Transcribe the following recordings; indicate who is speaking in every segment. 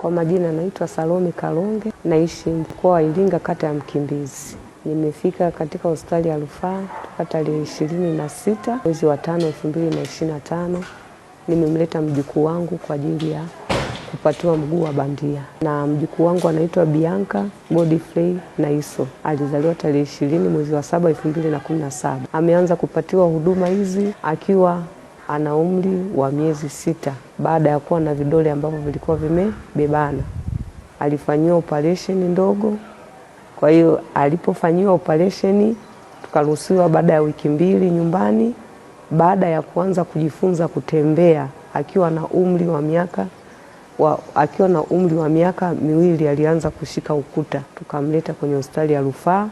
Speaker 1: Kwa majina naitwa Salome Kalonge, naishi mkoa wa Iringa, kata ya Mkimbizi. Nimefika katika hospitali ya rufaa toka tarehe ishirini na sita mwezi wa tano elfu mbili na ishirini na tano. Nimemleta mjukuu wangu kwa ajili ya kupatiwa mguu wa bandia, na mjukuu wangu anaitwa Bianca Godfrey Naiso. Alizaliwa tarehe ishirini mwezi wa saba elfu mbili na kumi na saba. Ameanza kupatiwa huduma hizi akiwa ana umri wa miezi sita baada ya kuwa na vidole ambavyo vilikuwa vimebebana. Alifanyiwa operesheni ndogo. Kwa hiyo alipofanyiwa operesheni, tukaruhusiwa baada ya wiki mbili nyumbani, baada ya kuanza kujifunza kutembea akiwa na umri wa miaka wa, akiwa na umri wa miaka miwili alianza kushika ukuta, tukamleta kwenye hospitali ya rufaa.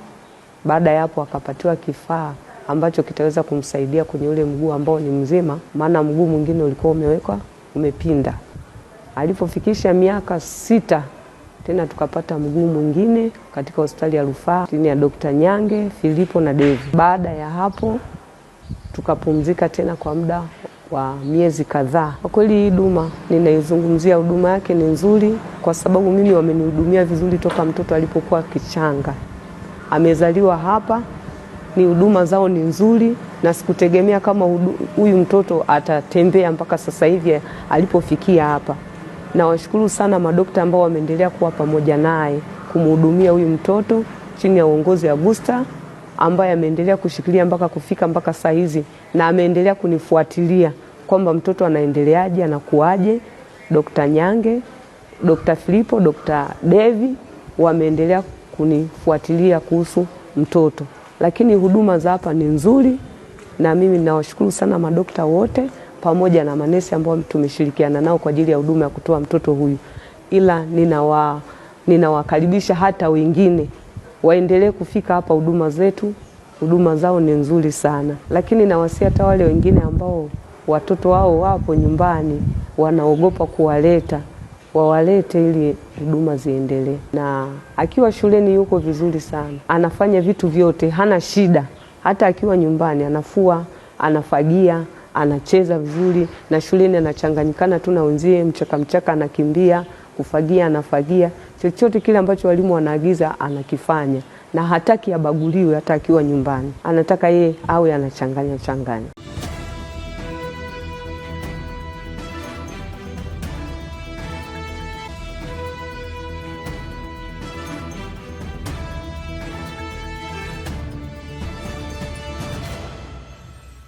Speaker 1: Baada ya hapo akapatiwa kifaa ambacho kitaweza kumsaidia kwenye ule mguu ambao ni mzima, maana mguu mwingine ulikuwa umewekwa umepinda. Alipofikisha miaka sita tena tukapata mguu mwingine katika hospitali ya rufaa chini ya Dokta Nyange Filipo na Devi. Baada ya hapo tukapumzika tena kwa muda wa miezi kadhaa. Kwa kweli hii huduma ninaizungumzia, huduma yake ni nzuri, kwa sababu mimi wamenihudumia vizuri toka mtoto alipokuwa kichanga, amezaliwa hapa ni huduma zao ni nzuri, na sikutegemea kama huyu mtoto atatembea mpaka sasa hivi alipofikia hapa. Nawashukuru sana madokta ambao wameendelea kuwa pamoja naye kumhudumia huyu mtoto chini ya uongozi wa Gusta ambaye ameendelea kushikilia mpaka kufika mpaka saa hizi, na ameendelea kunifuatilia kwamba mtoto anaendeleaje, anakuaje. Dokta Nyange, Dokta Filipo, Dokta Devi wameendelea kunifuatilia kuhusu mtoto lakini huduma za hapa ni nzuri, na mimi ninawashukuru sana madokta wote pamoja na manesi ambao tumeshirikiana nao kwa ajili ya huduma ya kutoa mtoto huyu, ila ninawa ninawakaribisha hata wengine waendelee kufika hapa. Huduma zetu huduma zao ni nzuri sana, lakini nawasia hata wale wengine ambao watoto wao wapo nyumbani wanaogopa kuwaleta wawalete ili huduma ziendelee. Na akiwa shuleni yuko vizuri sana, anafanya vitu vyote, hana shida. Hata akiwa nyumbani anafua, anafagia, anacheza vizuri, na shuleni anachanganyikana tu na wenzie, mchaka mchaka anakimbia, kufagia anafagia, chochote kile ambacho walimu wanaagiza anakifanya, na hataki abaguliwe. Hata akiwa nyumbani anataka yeye awe anachanganya changanya.